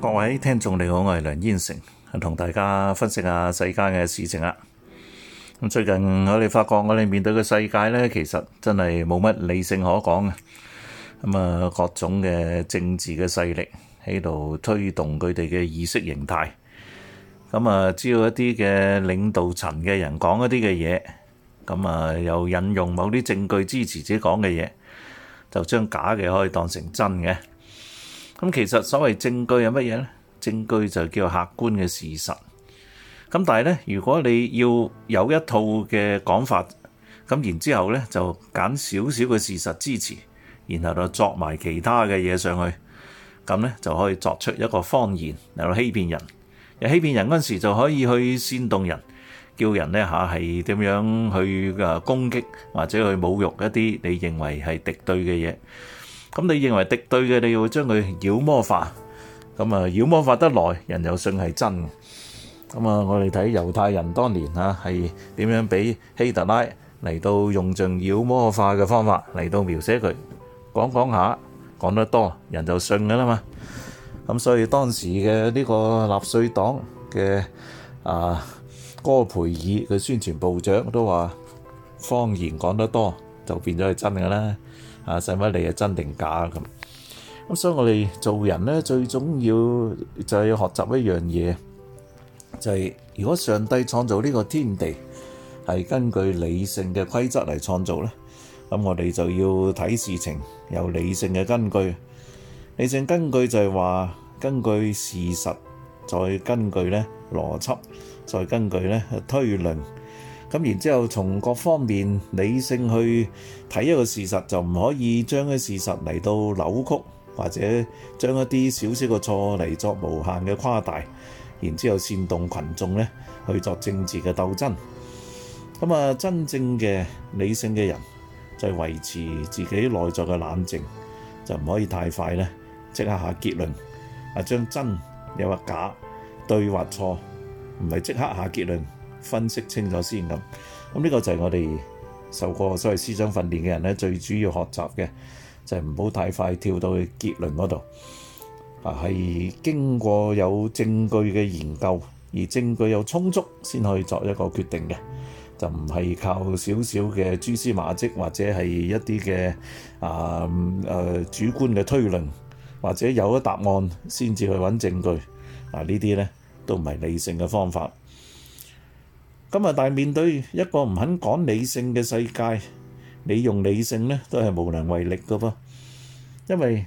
各位聽眾，你好，我係梁燕城，同大家分析下世界嘅事情啊。最近我哋發覺，我哋面對嘅世界咧，其實真係冇乜理性可講啊。咁啊，各種嘅政治嘅勢力喺度推動佢哋嘅意識形態。咁啊，只要一啲嘅領導層嘅人講一啲嘅嘢，咁啊，又引用某啲證據支持自己講嘅嘢，就將假嘅可以當成真嘅。咁其實所謂證據係乜嘢呢？證據就叫客觀嘅事實。咁但係呢，如果你要有一套嘅講法，咁然之後呢就揀少少嘅事實支持，然後就作埋其他嘅嘢上去，咁呢就可以作出一個謊言嚟到欺騙人。又欺騙人嗰陣時就可以去煽動人，叫人呢吓係點樣去誒攻擊或者去侮辱一啲你認為係敵對嘅嘢。咁你認為敵對嘅，你要將佢妖魔化，咁啊妖魔化得耐，人又信係真嘅。咁啊，我哋睇猶太人當年啊，係點樣俾希特拉嚟到用盡妖魔化嘅方法嚟到描寫佢，講講下，講得多，人就信噶啦嘛。咁所以當時嘅呢個納粹黨嘅啊戈培爾嘅宣傳部長都話：謊言講得多，就變咗係真㗎啦！啊！使乜理係真定假咁？咁所以我哋做人咧，最重要就係要學習一樣嘢，就係如果上帝創造呢個天地係根據理性嘅規則嚟創造咧，咁我哋就要睇事情有理性嘅根據。理性根據就係話，根據事實，再根據咧邏輯，再根據咧推論。咁然之後，從各方面理性去睇一個事實，就唔可以將啲事實嚟到扭曲，或者將一啲少少嘅錯嚟作無限嘅誇大，然之後煽動羣眾咧去作政治嘅鬥爭。咁啊，真正嘅理性嘅人就係維持自己內在嘅冷靜，就唔可以太快咧即刻下結論啊，將真又或假，對或錯，唔係即刻下結論。分析清楚先咁，咁呢個就係我哋受過所謂思想訓練嘅人咧，最主要學習嘅就係唔好太快跳到去結論嗰度。啊，係經過有證據嘅研究，而證據又充足，先可以作一個決定嘅，就唔係靠少少嘅蛛絲馬跡或者係一啲嘅啊誒主觀嘅推論，或者有咗答案先至去揾證據。嗱呢啲咧都唔係理性嘅方法。咁啊！但係面對一個唔肯講理性嘅世界，你用理性呢都係無能為力㗎噃，因為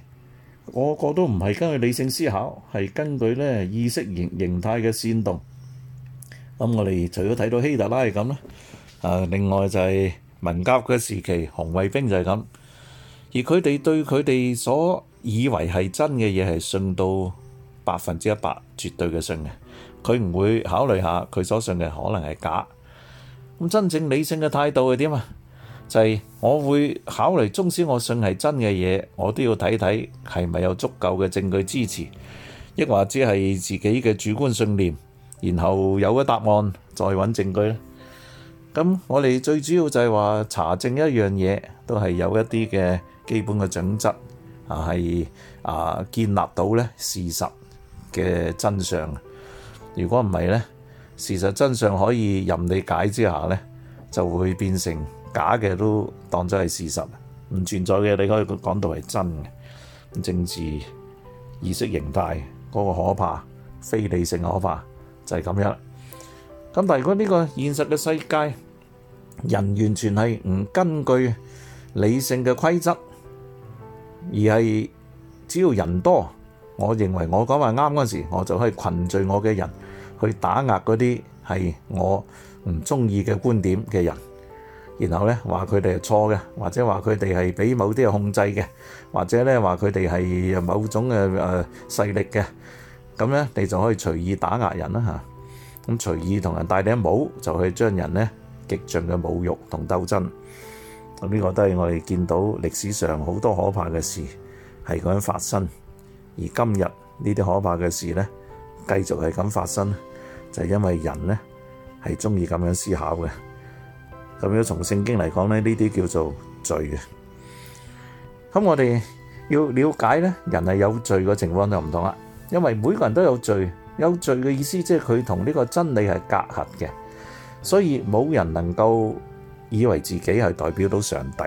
個個都唔係根據理性思考，係根據呢意識形態嘅煽動。咁我哋除咗睇到希特拉係咁啦，啊，另外就係文革嘅時期紅衛兵就係咁，而佢哋對佢哋所以為係真嘅嘢係信到百分之一百絕對嘅信嘅。佢唔會考慮下佢所信嘅可能係假咁，真正理性嘅態度係點啊？就係、是、我會考慮，即使我信係真嘅嘢，我都要睇睇係咪有足夠嘅證據支持，亦或只係自己嘅主觀信念。然後有個答案，再揾證據。咁我哋最主要就係話查證一樣嘢，都係有一啲嘅基本嘅準則啊，係啊，建立到咧事實嘅真相。如果唔係咧，事實真相可以任你解之下咧，就會變成假嘅都當咗係事實，唔存在嘅你可以講到係真嘅。政治意識形態嗰個可怕，非理性可怕就係咁樣。咁但係如果呢個現實嘅世界，人完全係唔根據理性嘅規則，而係只要人多，我認為我講話啱嗰陣時，我就可以群聚我嘅人，去打壓嗰啲係我唔中意嘅觀點嘅人，然後咧話佢哋係錯嘅，或者話佢哋係俾某啲人控制嘅，或者咧話佢哋係某種嘅誒、呃、勢力嘅，咁咧你就可以隨意打壓人啦嚇，咁、啊、隨意同人戴頂帽就去將人咧極盡嘅侮辱同鬥爭，咁呢個都係我哋見到歷史上好多可怕嘅事係咁樣發生，而今日呢啲可怕嘅事咧，繼續係咁發生，就係因為人呢係中意咁樣思考嘅。咁樣從聖經嚟講呢，呢啲叫做罪嘅。咁我哋要了解呢，人係有罪嘅情況就唔同啦。因為每個人都有罪，有罪嘅意思即係佢同呢個真理係隔閡嘅，所以冇人能夠以為自己係代表到上帝。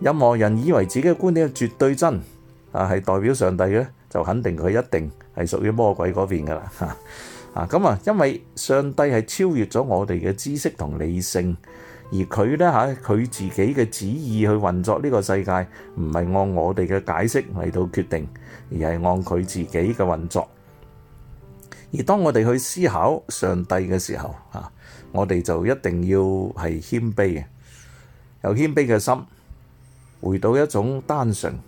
任何人以為自己嘅觀點係絕對真，啊係代表上帝嘅，就肯定佢一定係屬於魔鬼嗰邊㗎喇嚇！啊咁啊，因為上帝係超越咗我哋嘅知識同理性，而佢呢嚇佢自己嘅旨意去運作呢個世界，唔係按我哋嘅解釋嚟到決定，而係按佢自己嘅運作。而當我哋去思考上帝嘅時候嚇，我哋就一定要係謙卑嘅，有謙卑嘅心，回到一種單純，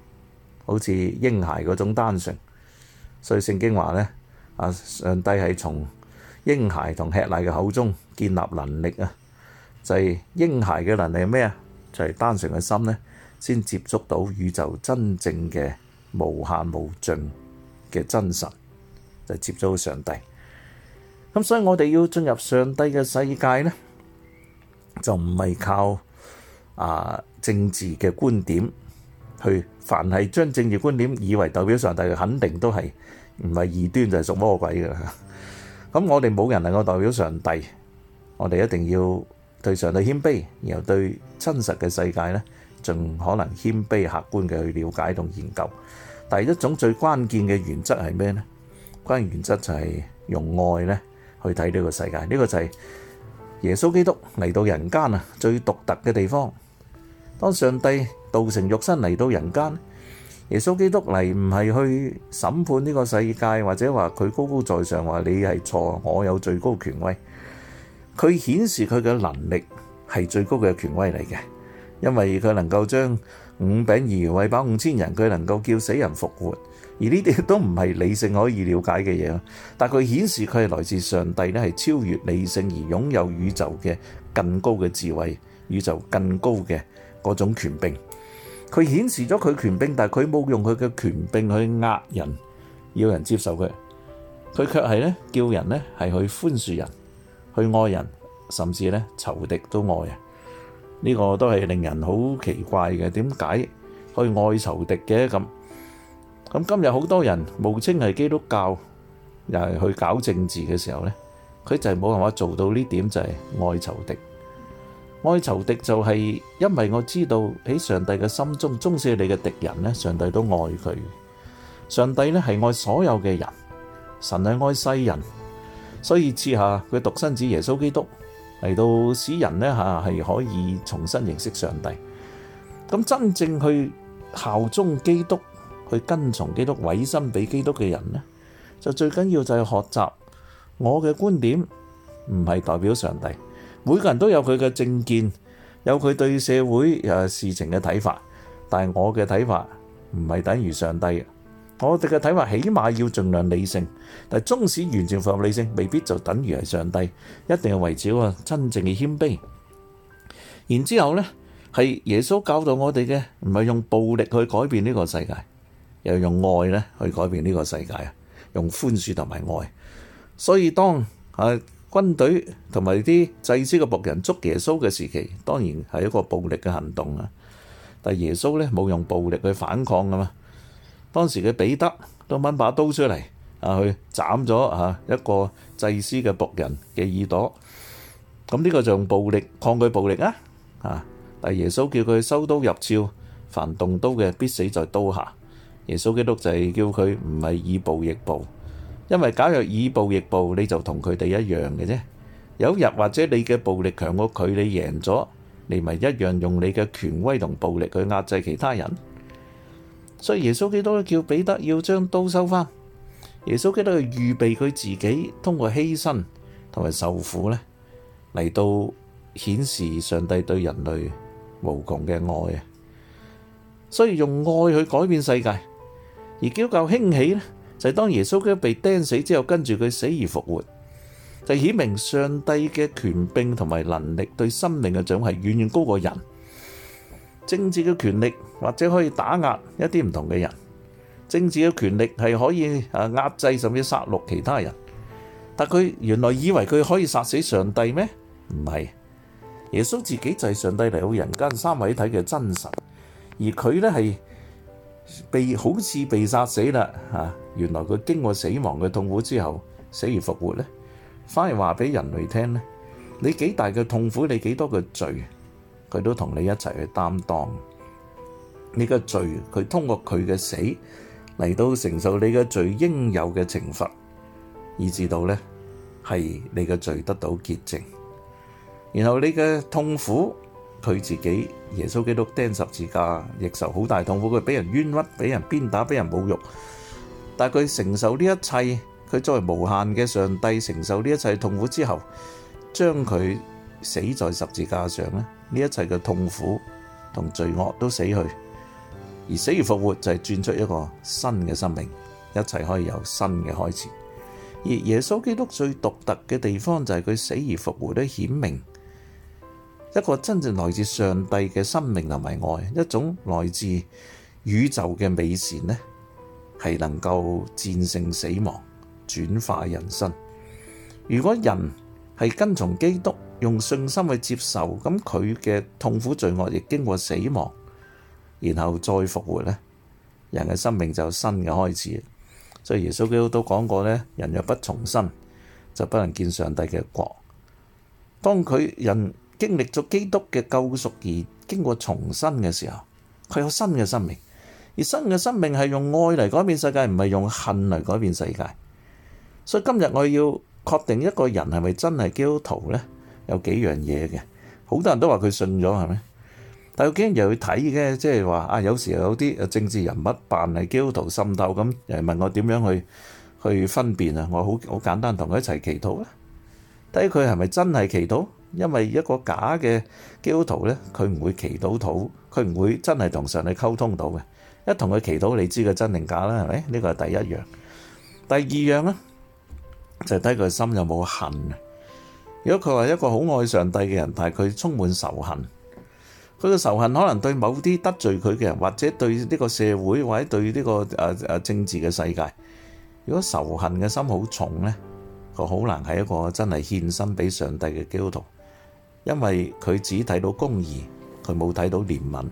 好似嬰孩嗰種單純。所以聖經話咧，啊上帝係從嬰孩同吃奶嘅口中建立能力啊，就係、是、嬰孩嘅能力係咩啊？就係、是、單純嘅心咧，先接觸到宇宙真正嘅無限無盡嘅真實就是、接觸到上帝。咁所以我哋要進入上帝嘅世界咧，就唔係靠啊政治嘅觀點。去凡係將政治觀點以為代表上帝嘅，肯定都係唔係異端就係屬魔鬼㗎。咁我哋冇人能夠代表上帝，我哋一定要對上帝謙卑，然後對真實嘅世界呢盡可能謙卑、客觀嘅去了解同研究。第一種最關鍵嘅原則係咩呢？關鍵原則就係用愛呢去睇呢個世界。呢個就係耶穌基督嚟到人間啊最獨特嘅地方。當上帝道成肉身嚟到人間，耶穌基督嚟唔係去審判呢個世界，或者話佢高高在上話你係錯，我有最高權威。佢顯示佢嘅能力係最高嘅權威嚟嘅，因為佢能夠將五餅二魚餵飽五千人，佢能夠叫死人復活，而呢啲都唔係理性可以了解嘅嘢，但佢顯示佢係來自上帝咧，係超越理性而擁有宇宙嘅更高嘅智慧，宇宙更高嘅嗰種權柄。佢顯示咗佢權柄，但係佢冇用佢嘅權柄去壓人，要人接受佢。佢卻係咧叫人咧係去寬恕人，去愛人，甚至咧仇敵都愛啊！呢個都係令人好奇怪嘅。點解去愛仇敵嘅咁？咁今日好多人冒稱係基督教，又係去搞政治嘅時候咧，佢就係冇辦法做到呢點，就係愛仇敵。愛仇敵就係，因為我知道喺上帝嘅心中，即使你嘅敵人咧，上帝都愛佢。上帝咧係愛所有嘅人，神係愛世人，所以賜下佢獨生子耶穌基督嚟到使人呢吓係可以重新認識上帝。咁真正去效忠基督，去跟從基督，委身俾基督嘅人呢，就最緊要就係學習。我嘅觀點唔係代表上帝。每個人都有佢嘅政見，有佢對社會誒事情嘅睇法，但係我嘅睇法唔係等於上帝。我哋嘅睇法起碼要盡量理性，但係縱使完全符合理性，未必就等於係上帝。一定要維持一個真正嘅謙卑。然之後呢，係耶穌教導我哋嘅，唔係用暴力去改變呢個世界，又用愛咧去改變呢個世界啊，用寬恕同埋愛。所以當啊～軍隊同埋啲祭司嘅僕人捉耶穌嘅時期，當然係一個暴力嘅行動啊！但係耶穌呢冇用暴力去反抗㗎嘛。當時嘅彼得都掹把刀出嚟啊，去斬咗啊一個祭司嘅僕人嘅耳朵。咁呢個就用暴力抗拒暴力啊！啊，但係耶穌叫佢收刀入鞘，凡動刀嘅必死在刀下。耶穌基督就係叫佢唔係以暴易暴。因為假如以暴易暴，你就同佢哋一樣嘅啫。有日或者你嘅暴力強過佢，你贏咗，你咪一樣用你嘅權威同暴力去壓制其他人。所以耶穌基督咧叫彼得要將刀收返。耶穌基督去預備佢自己，通過犧牲同埋受苦咧，嚟到顯示上帝對人類無窮嘅愛啊！所以用愛去改變世界，而基督教興起咧，就係當耶穌佢被釘死之後，跟住佢死而復活，就顯明上帝嘅權柄同埋能力對生命嘅掌控係遠遠高過人。政治嘅權力或者可以打壓一啲唔同嘅人，政治嘅權力係可以誒壓制甚至殺戮其他人。但佢原來以為佢可以殺死上帝咩？唔係，耶穌自己就係上帝嚟到人間三位一體嘅真實，而佢呢係。被好似被殺死啦，吓、啊！原來佢經過死亡嘅痛苦之後，死而復活咧，反而話俾人類聽咧，你幾大嘅痛苦，你幾多嘅罪，佢都同你一齊去擔當。你嘅罪，佢通過佢嘅死嚟到承受你嘅罪應有嘅懲罰，以至到咧係你嘅罪得到潔淨。然後你嘅痛苦。佢自己，耶穌基督釘十字架，亦受好大痛苦。佢俾人冤屈，俾人鞭打，俾人侮辱。但係佢承受呢一切，佢作為無限嘅上帝承受呢一切痛苦之後，將佢死在十字架上咧，呢一切嘅痛苦同罪惡都死去。而死而復活就係轉出一個新嘅生命，一切可以有新嘅開始。而耶穌基督最獨特嘅地方就係佢死而復活嘅顯明。一個真正來自上帝嘅生命，同埋愛，一種來自宇宙嘅美善呢，係能夠戰勝死亡，轉化人生。如果人係跟從基督，用信心去接受，噉佢嘅痛苦罪惡亦經過死亡，然後再復活呢，人嘅生命就有新嘅開始。所以耶穌基督都講過呢，人若不重生，就不能見上帝嘅國。當佢人。經歷咗基督嘅救贖而經過重生嘅時候，佢有新嘅生命，而新嘅生命係用愛嚟改變世界，唔係用恨嚟改變世界。所以今日我要確定一個人係咪真係基督徒呢，有幾樣嘢嘅。好多人都話佢信咗，係咪？但係我驚又去睇嘅，即係話啊，有時又有啲政治人物扮係基督徒滲透咁，誒問我點樣去去分辨啊？我好好簡單，同佢一齊祈禱啊，睇佢係咪真係祈禱。因為一個假嘅基督徒咧，佢唔會祈禱到，佢唔會真係同上帝溝通到嘅。一同佢祈禱，你知佢真定假啦，係咪？呢個係第一樣。第二樣咧，就睇佢心有冇恨啊。如果佢話一個好愛上帝嘅人，但係佢充滿仇恨，佢嘅仇恨可能對某啲得罪佢嘅人，或者對呢個社會，或者對呢個誒誒政治嘅世界，如果仇恨嘅心好重咧，佢好難係一個真係獻身俾上帝嘅基督徒。因為佢只睇到公義，佢冇睇到憐憫，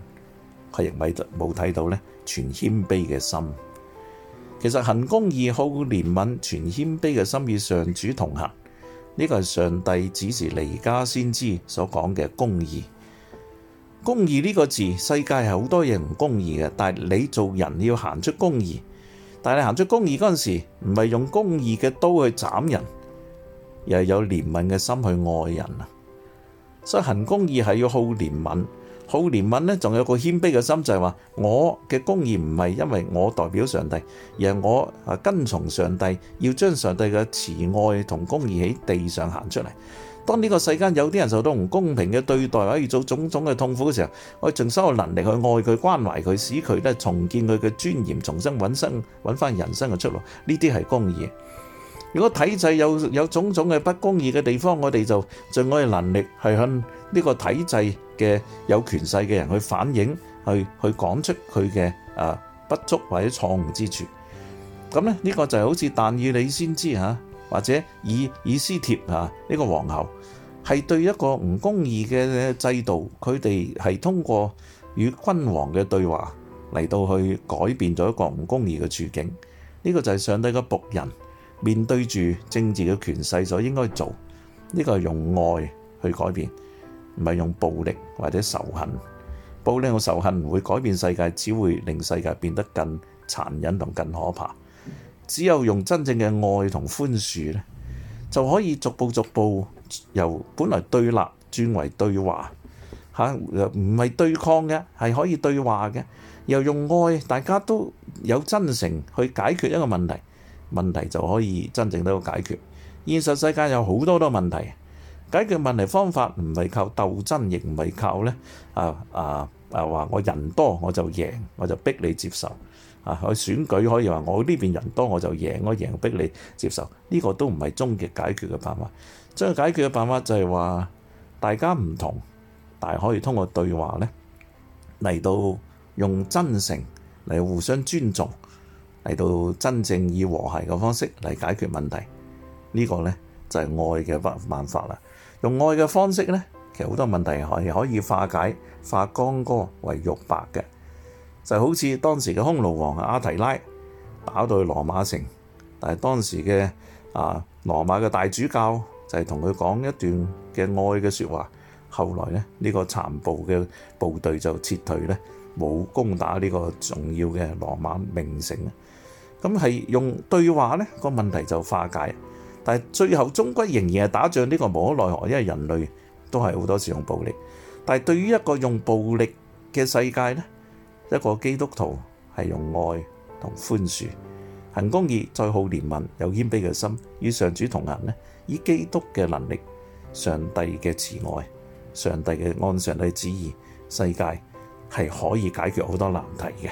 佢亦咪冇睇到呢全謙卑嘅心。其實行公義、好憐憫、全謙卑嘅心與上主同行呢，這個係上帝指示離家先知所講嘅公義。公義呢個字，世界係好多嘢唔公義嘅，但係你做人要行出公義。但係你行出公義嗰陣時，唔係用公義嘅刀去斬人，又係有憐憫嘅心去愛人啊！所以行公義係要好憐憫，好憐憫咧，仲有個謙卑嘅心，就係話我嘅公義唔係因為我代表上帝，而係我啊跟從上帝，要將上帝嘅慈愛同公義喺地上行出嚟。當呢個世間有啲人受到唔公平嘅對待，或者做種種嘅痛苦嘅時候，我盡收能力去愛佢、關懷佢，使佢咧重建佢嘅尊嚴，重新揾生揾翻人生嘅出路。呢啲係公義。如果體制有有種種嘅不公義嘅地方，我哋就盡我嘅能力係向呢個體制嘅有權勢嘅人去反映，去去講出佢嘅啊不足或者錯誤之處。咁咧呢個就好似但以理先知吓或者以以斯帖呢個皇后，係對一個唔公義嘅制度，佢哋係通過與君王嘅對話嚟到去改變咗一個唔公義嘅處境。呢個就係上帝嘅僕人。面對住政治嘅權勢，所應該做呢個係用愛去改變，唔係用暴力或者仇恨。暴力同仇恨唔會改變世界，只會令世界變得更殘忍同更可怕。只有用真正嘅愛同寬恕咧，就可以逐步逐步由本來對立轉為對話嚇，唔係對抗嘅，係可以對話嘅，又用愛，大家都有真誠去解決一個問題。問題就可以真正得到解決。現實世界有好多多問題，解決問題的方法唔係靠鬥爭，亦唔係靠咧啊啊啊話我人多我就贏，我就逼你接受啊！去選舉可以話我呢邊人多我就贏，我贏逼你接受呢個都唔係終極解決嘅辦法。將解決嘅辦法就係話大家唔同，但係可以通過對話咧嚟到用真誠嚟互相尊重。嚟到真正以和諧嘅方式嚟解決問題，呢、這個呢就係、是、愛嘅辦辦法啦。用愛嘅方式呢，其實好多問題係可以化解，化乾戈為玉帛嘅。就好似當時嘅匈奴王阿提拉打到去羅馬城，但係當時嘅啊羅馬嘅大主教就係同佢講一段嘅愛嘅説話，後來呢，呢、這個殘暴嘅部隊就撤退呢，冇攻打呢個重要嘅羅馬名城。咁係用對話，呢個問題就化解。但最後終歸仍然係打仗，呢個無可奈何，因為人類都係好多時用暴力。但係對於一個用暴力嘅世界呢，一個基督徒係用愛同寬恕。行公義、再好憐憫、有謙卑嘅心，與上主同行呢，以基督嘅能力、上帝嘅慈愛、上帝嘅按上帝旨意，世界係可以解決好多難題嘅。